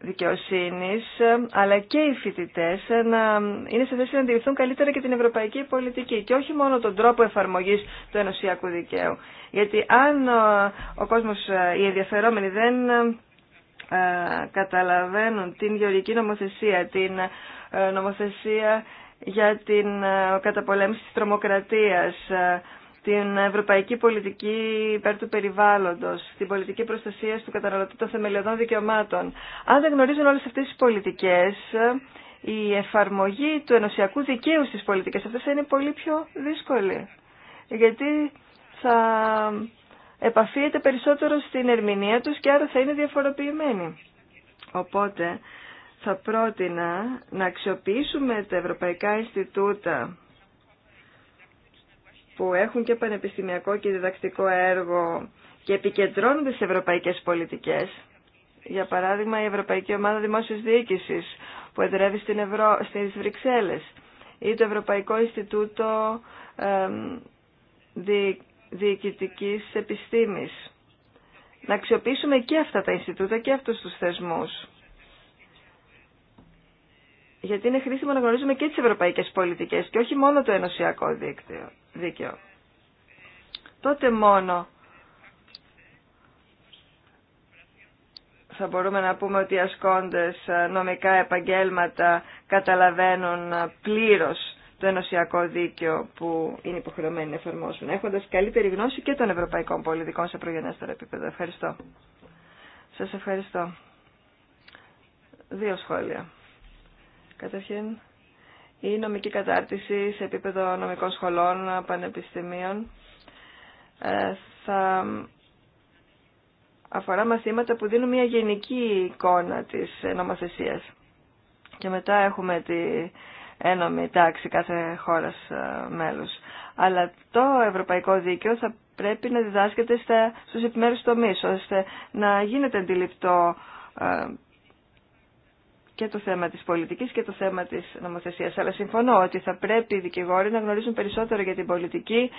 δικαιοσύνης ε, αλλά και οι φοιτητές να είναι σε θέση να αντιληφθούν καλύτερα και την ευρωπαϊκή πολιτική και όχι μόνο τον τρόπο εφαρμογής του ενωσιακού δικαίου. Γιατί αν ο κόσμος, οι ενδιαφερόμενοι δεν καταλαβαίνουν την γεωργική νομοθεσία, την νομοθεσία για την ε, καταπολέμηση της τρομοκρατίας, ε, την ευρωπαϊκή πολιτική υπέρ του περιβάλλοντος, την πολιτική προστασία του καταναλωτή των θεμελιωδών δικαιωμάτων. Αν δεν γνωρίζουν όλες αυτές τις πολιτικές, ε, η εφαρμογή του ενωσιακού δικαίου στις πολιτικές αυτές θα είναι πολύ πιο δύσκολη. Γιατί θα επαφίεται περισσότερο στην ερμηνεία τους και άρα θα είναι διαφοροποιημένη. Οπότε θα πρότεινα να αξιοποιήσουμε τα Ευρωπαϊκά Ινστιτούτα που έχουν και πανεπιστημιακό και διδακτικό έργο και επικεντρώνονται σε ευρωπαϊκές πολιτικές. Για παράδειγμα, η Ευρωπαϊκή Ομάδα Δημόσιας Διοίκησης που εδρεύει στην Ευρω... στις Βρυξέλλες ή το Ευρωπαϊκό Ινστιτούτο ε, Δι... Επιστήμης. Να αξιοποιήσουμε και αυτά τα Ινστιτούτα και αυτούς τους θεσμούς γιατί είναι χρήσιμο να γνωρίζουμε και τις ευρωπαϊκές πολιτικές και όχι μόνο το ενωσιακό δίκτυο, δίκαιο. Τότε μόνο θα μπορούμε να πούμε ότι οι ασκόντες νομικά επαγγέλματα καταλαβαίνουν πλήρως το ενωσιακό δίκαιο που είναι υποχρεωμένοι να εφαρμόσουν, έχοντας καλύτερη γνώση και των ευρωπαϊκών πολιτικών σε προγενέστερο επίπεδο. Ευχαριστώ. Σας ευχαριστώ. Δύο σχόλια. Καταρχήν, η νομική κατάρτιση σε επίπεδο νομικών σχολών, πανεπιστημίων ε, θα αφορά μαθήματα που δίνουν μια γενική εικόνα της νομοθεσίας. Και μετά έχουμε τη ένομη τάξη κάθε χώρας ε, μέλους. Αλλά το ευρωπαϊκό δίκαιο θα πρέπει να διδάσκεται στους επιμέρους τομείς, ώστε να γίνεται αντιληπτό ε, και το θέμα της πολιτικής και το θέμα της νομοθεσίας. Αλλά συμφωνώ ότι θα πρέπει οι δικηγόροι να γνωρίζουν περισσότερο για την πολιτική,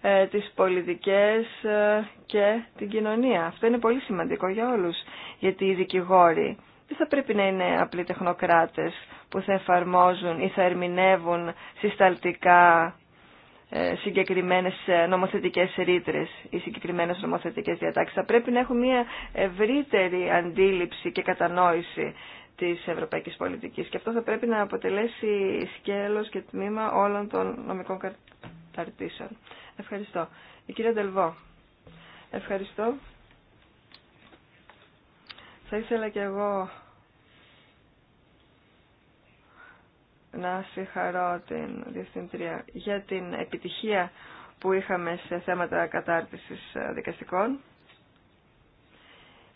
ε, τις πολιτικές ε, και την κοινωνία. Αυτό είναι πολύ σημαντικό για όλους, γιατί οι δικηγόροι δεν θα πρέπει να είναι απλοί τεχνοκράτες που θα εφαρμόζουν ή θα ερμηνεύουν συσταλτικά ε, συγκεκριμένες ε, νομοθετικές ρήτρε ή συγκεκριμένες νομοθετικές διατάξεις. Θα πρέπει να έχουν μια ευρύτερη αντίληψη και κατανόηση της ευρωπαϊκής πολιτικής και αυτό θα πρέπει να αποτελέσει σκέλος και τμήμα όλων των νομικών καταρτήσεων. Ευχαριστώ. Η κυρία Ντελβό. Ευχαριστώ. Θα ήθελα και εγώ να συγχαρώ την Διευθυντρία για την επιτυχία που είχαμε σε θέματα κατάρτισης δικαστικών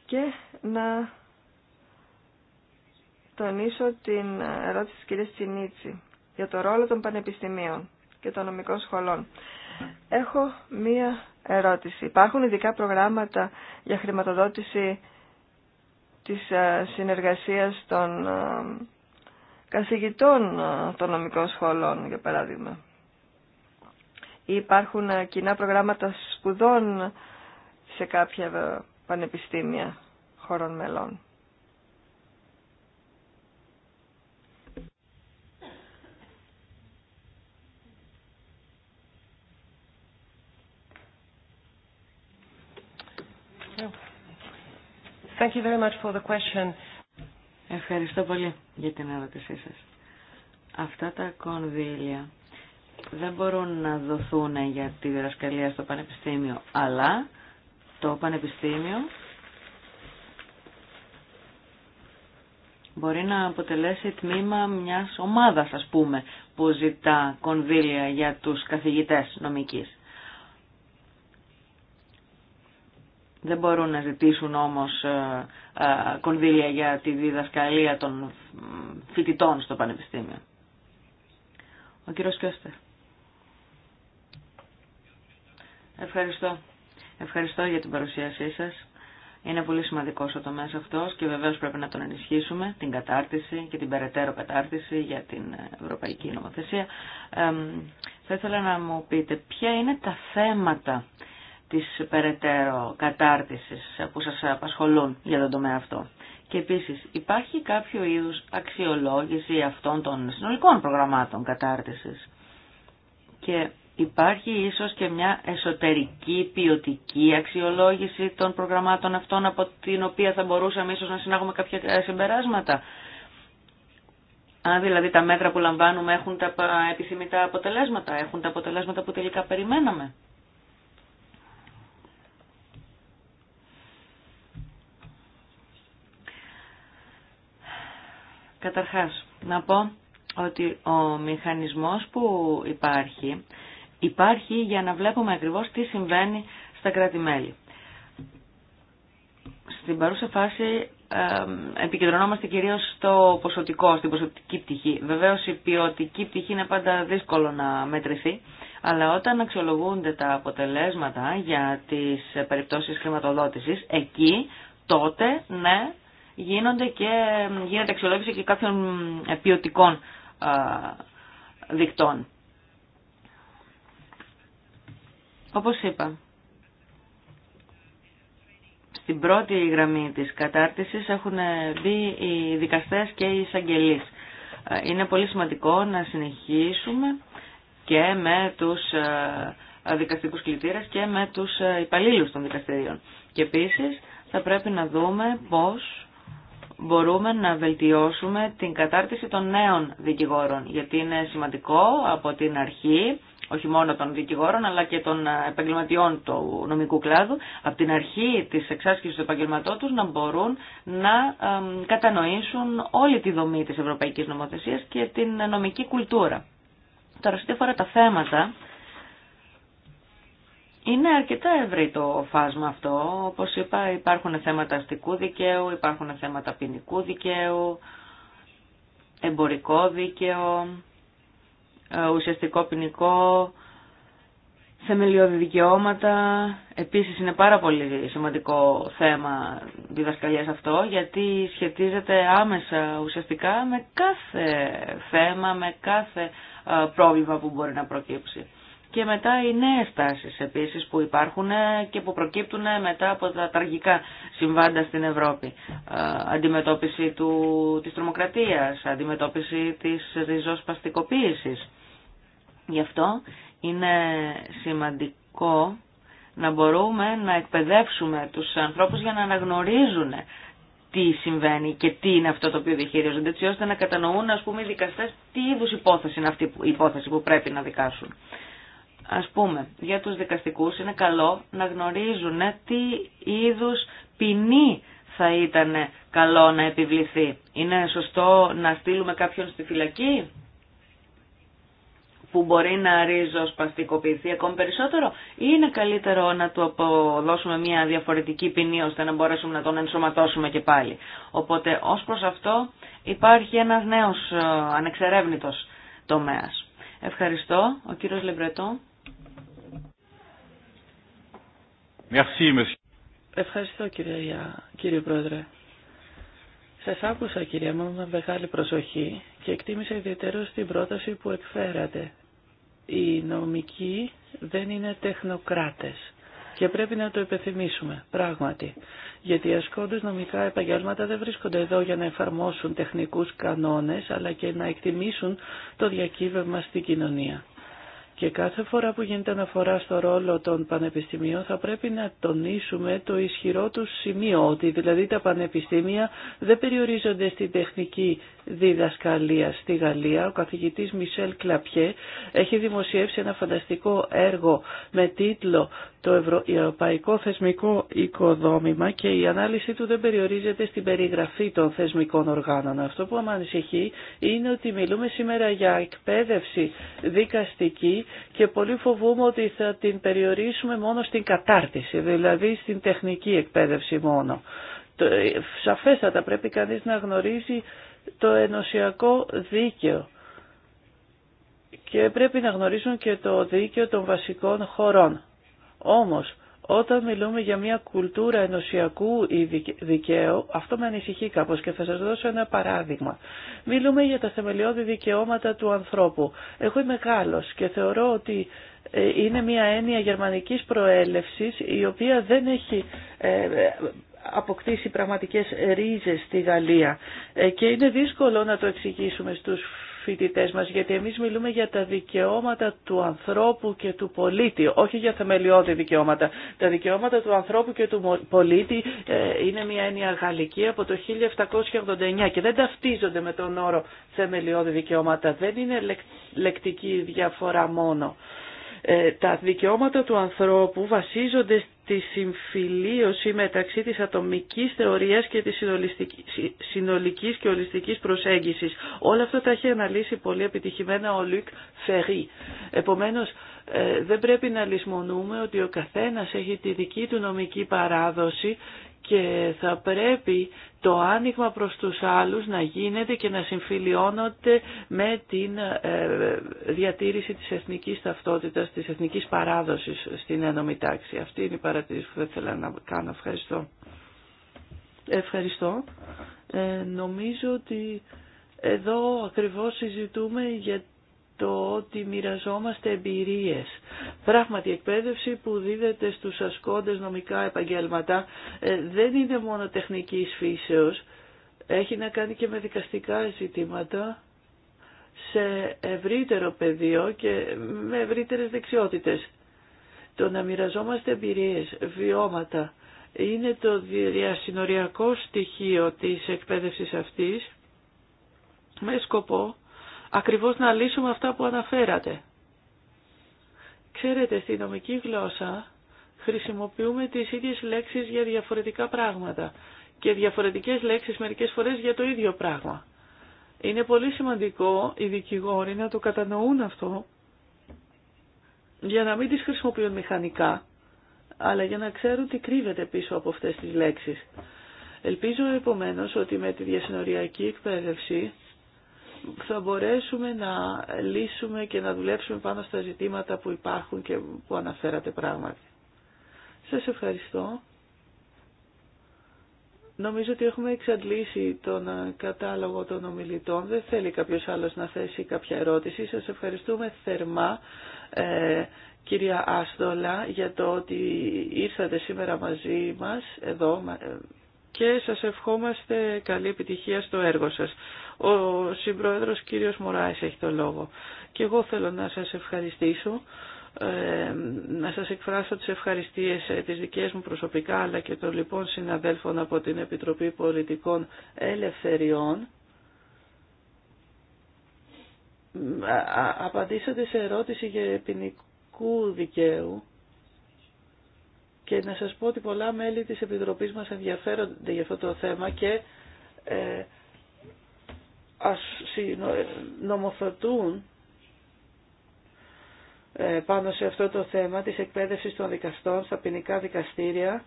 και να τονίσω την ερώτηση της κυρίας Τσινίτση για το ρόλο των πανεπιστημίων και των νομικών σχολών. Έχω μία ερώτηση. Υπάρχουν ειδικά προγράμματα για χρηματοδότηση της ε, συνεργασίας των ε, καθηγητών ε, των νομικών σχολών, για παράδειγμα. Ή υπάρχουν κοινά προγράμματα σπουδών σε κάποια πανεπιστήμια χωρών μελών. Thank you very much for the question. Ευχαριστώ πολύ για την ερώτησή σας. Αυτά τα κονδύλια δεν μπορούν να δοθούν για τη διδασκαλία στο πανεπιστήμιο, αλλά το πανεπιστήμιο μπορεί να αποτελέσει τμήμα μιας ομάδας, ας πούμε, που ζητά κονδύλια για τους καθηγητές νομικής. Δεν μπορούν να ζητήσουν όμως ε, ε, κονδύλια για τη διδασκαλία των φοιτητών στο Πανεπιστήμιο. Ο κύριος Κιώστερ. Ευχαριστώ. Ευχαριστώ για την παρουσίασή σας. Είναι πολύ σημαντικός ο τομέας αυτός και βεβαίως πρέπει να τον ενισχύσουμε, την κατάρτιση και την περαιτέρω κατάρτιση για την Ευρωπαϊκή Νομοθεσία. θα ήθελα να μου πείτε ποια είναι τα θέματα της περαιτέρω κατάρτισης που σας απασχολούν για τον τομέα αυτό. Και επίσης υπάρχει κάποιο είδους αξιολόγηση αυτών των συνολικών προγραμμάτων κατάρτισης και υπάρχει ίσως και μια εσωτερική ποιοτική αξιολόγηση των προγραμμάτων αυτών από την οποία θα μπορούσαμε ίσως να συνάγουμε κάποια συμπεράσματα. Αν δηλαδή τα μέτρα που λαμβάνουμε έχουν τα επιθυμητά αποτελέσματα, έχουν τα αποτελέσματα που τελικά περιμέναμε. Καταρχάς, να πω ότι ο μηχανισμός που υπάρχει, υπάρχει για να βλέπουμε ακριβώς τι συμβαίνει στα κράτη-μέλη. Στην παρούσα φάση επικεντρωνόμαστε κυρίως στο ποσοτικό, στην ποσοτική πτυχή. Βεβαίως η ποιοτική πτυχή είναι πάντα δύσκολο να μετρηθεί, αλλά όταν αξιολογούνται τα αποτελέσματα για τις περιπτώσεις χρηματοδότησης, εκεί τότε ναι γίνονται και γίνεται αξιολόγηση και κάποιων ε, ποιοτικών δικτών. Όπως είπα, στην πρώτη γραμμή της κατάρτισης έχουν μπει οι δικαστές και οι εισαγγελείς. Ε, είναι πολύ σημαντικό να συνεχίσουμε και με τους ε, δικαστικούς κλητήρες και με τους υπαλλήλους των δικαστηρίων. Και επίσης θα πρέπει να δούμε πώς μπορούμε να βελτιώσουμε την κατάρτιση των νέων δικηγόρων, γιατί είναι σημαντικό από την αρχή, όχι μόνο των δικηγόρων, αλλά και των επαγγελματιών του νομικού κλάδου, από την αρχή της εξάσκησης του επαγγελματό τους να μπορούν να κατανοήσουν όλη τη δομή της ευρωπαϊκής νομοθεσίας και την νομική κουλτούρα. Τώρα, σε αφορά τα θέματα είναι αρκετά ευρύ το φάσμα αυτό. Όπως είπα υπάρχουν θέματα αστικού δικαίου, υπάρχουν θέματα ποινικού δικαίου, εμπορικό δίκαιο, ε, ουσιαστικό ποινικό, θεμελιώδη δικαιώματα. Επίσης είναι πάρα πολύ σημαντικό θέμα διδασκαλίας αυτό γιατί σχετίζεται άμεσα ουσιαστικά με κάθε θέμα, με κάθε ε, πρόβλημα που μπορεί να προκύψει και μετά οι νέε τάσεις επίση που υπάρχουν ε, και που προκύπτουν ε, μετά από τα τραγικά συμβάντα στην Ευρώπη. Ε, αντιμετώπιση του, της τρομοκρατίας, αντιμετώπιση της ριζοσπαστικοποίησης. Γι' αυτό είναι σημαντικό να μπορούμε να εκπαιδεύσουμε τους ανθρώπους για να αναγνωρίζουν τι συμβαίνει και τι είναι αυτό το οποίο διαχειρίζονται, έτσι ώστε να κατανοούν ας πούμε, οι δικαστές τι είδους υπόθεση είναι αυτή η υπόθεση που πρέπει να δικάσουν. Ας πούμε, για τους δικαστικούς είναι καλό να γνωρίζουν τι είδους ποινή θα ήταν καλό να επιβληθεί. Είναι σωστό να στείλουμε κάποιον στη φυλακή που μπορεί να παστικοποιηθεί ακόμη περισσότερο ή είναι καλύτερο να του αποδώσουμε μια διαφορετική ποινή ώστε να μπορέσουμε να τον ενσωματώσουμε και πάλι. Οπότε ως προς αυτό υπάρχει ένας νέος ε, ανεξερεύνητος τομέας. Ευχαριστώ. Ο κύριος Λεμπρετό. Ευχαριστώ κύριε, κύριε Πρόεδρε. Σα άκουσα κυρία μου με μεγάλη προσοχή και εκτίμησα ιδιαίτερω την πρόταση που εκφέρατε. Οι νομικοί δεν είναι τεχνοκράτες και πρέπει να το υπενθυμίσουμε πράγματι. Γιατί οι νομικά επαγγέλματα δεν βρίσκονται εδώ για να εφαρμόσουν τεχνικούς κανόνες αλλά και να εκτιμήσουν το διακύβευμα στην κοινωνία. Και κάθε φορά που γίνεται αναφορά στο ρόλο των πανεπιστημίων θα πρέπει να τονίσουμε το ισχυρό του σημείο ότι δηλαδή τα πανεπιστήμια δεν περιορίζονται στην τεχνική διδασκαλία στη Γαλλία. Ο καθηγητής Μισελ Κλαπιέ έχει δημοσιεύσει ένα φανταστικό έργο με τίτλο το ευρωπαϊκό θεσμικό οικοδόμημα και η ανάλυση του δεν περιορίζεται στην περιγραφή των θεσμικών οργάνων. Αυτό που με ανησυχεί είναι ότι μιλούμε σήμερα για εκπαίδευση δικαστική και πολύ φοβούμαι ότι θα την περιορίσουμε μόνο στην κατάρτιση, δηλαδή στην τεχνική εκπαίδευση μόνο. Ε, σαφέστατα πρέπει κανείς να γνωρίζει το ενωσιακό δίκαιο και πρέπει να γνωρίζουν και το δίκαιο των βασικών χωρών. Όμως, όταν μιλούμε για μια κουλτούρα ενωσιακού δικαίου, αυτό με ανησυχεί κάπως και θα σας δώσω ένα παράδειγμα. Μιλούμε για τα θεμελιώδη δικαιώματα του ανθρώπου. Εγώ είμαι Γάλλος και θεωρώ ότι ε, είναι μια έννοια γερμανικής προέλευσης η οποία δεν έχει ε, αποκτήσει πραγματικές ρίζες στη Γαλλία ε, και είναι δύσκολο να το εξηγήσουμε στους φοιτητές μας, γιατί εμείς μιλούμε για τα δικαιώματα του ανθρώπου και του πολίτη, όχι για θεμελιώδη δικαιώματα. Τα δικαιώματα του ανθρώπου και του πολίτη ε, είναι μια έννοια γαλλική από το 1789 και δεν ταυτίζονται με τον όρο θεμελιώδη δικαιώματα. Δεν είναι λεκτική διαφορά μόνο. Ε, τα δικαιώματα του ανθρώπου βασίζονται τη συμφιλίωση μεταξύ της ατομικής θεωρίας και της συνολικής και ολιστικής προσέγγισης. Όλα αυτά τα έχει αναλύσει πολύ επιτυχημένα ο Λουκ Φερή. Επομένως, ε, δεν πρέπει να λησμονούμε ότι ο καθένας έχει τη δική του νομική παράδοση και θα πρέπει το άνοιγμα προς τους άλλους να γίνεται και να συμφιλιώνονται με την ε, διατήρηση της εθνικής ταυτότητας, της εθνικής παράδοσης στην ένωμη τάξη. Αυτή είναι η παρατήρηση που θα ήθελα να κάνω. Ευχαριστώ. Ευχαριστώ. Ε, νομίζω ότι εδώ ακριβώς συζητούμε για το ότι μοιραζόμαστε εμπειρίες. Πράγματι, η εκπαίδευση που δίδεται στους ασκόντες νομικά επαγγέλματα ε, δεν είναι μόνο τεχνικής φύσεως, έχει να κάνει και με δικαστικά ζητήματα σε ευρύτερο πεδίο και με ευρύτερες δεξιότητες. Το να μοιραζόμαστε εμπειρίες, βιώματα, είναι το διασυνοριακό στοιχείο της εκπαίδευσης αυτής με σκοπό ακριβώς να λύσουμε αυτά που αναφέρατε. Ξέρετε, στη νομική γλώσσα χρησιμοποιούμε τις ίδιες λέξεις για διαφορετικά πράγματα και διαφορετικές λέξεις μερικές φορές για το ίδιο πράγμα. Είναι πολύ σημαντικό οι δικηγόροι να το κατανοούν αυτό για να μην τις χρησιμοποιούν μηχανικά, αλλά για να ξέρουν τι κρύβεται πίσω από αυτές τις λέξεις. Ελπίζω επομένως ότι με τη διασυνοριακή εκπαίδευση θα μπορέσουμε να λύσουμε και να δουλέψουμε πάνω στα ζητήματα που υπάρχουν και που αναφέρατε πράγματι. Σας ευχαριστώ. Νομίζω ότι έχουμε εξαντλήσει τον κατάλογο των ομιλητών. Δεν θέλει κάποιος άλλος να θέσει κάποια ερώτηση. Σας ευχαριστούμε θερμά, ε, κυρία Άστολα, για το ότι ήρθατε σήμερα μαζί μας εδώ ε, και σας ευχόμαστε καλή επιτυχία στο έργο σας. Ο συμπρόεδρος κύριος Μωράης έχει το λόγο. Και εγώ θέλω να σας ευχαριστήσω ε, να σας εκφράσω τις ευχαριστίες ε, τις δικές μου προσωπικά αλλά και των λοιπόν συναδέλφων από την Επιτροπή Πολιτικών Ελευθεριών απαντήσατε σε ερώτηση για ποινικού δικαίου και να σας πω ότι πολλά μέλη της Επιτροπής μας ενδιαφέρονται για αυτό το θέμα και ε, ας νομοθετούν ε, πάνω σε αυτό το θέμα της εκπαίδευσης των δικαστών στα ποινικά δικαστήρια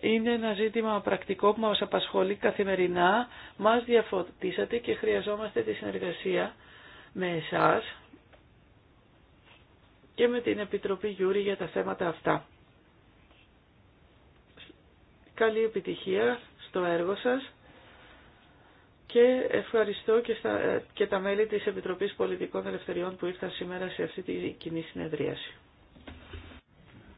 είναι ένα ζήτημα πρακτικό που μας απασχολεί καθημερινά. Μας διαφωτίσατε και χρειαζόμαστε τη συνεργασία με εσάς και με την Επιτροπή Γιούρη για τα θέματα αυτά. Καλή επιτυχία στο έργο σας και ευχαριστώ και, στα, και τα μέλη της Επιτροπής Πολιτικών Ελευθεριών που ήρθαν σήμερα σε αυτή τη κοινή συνεδρίαση.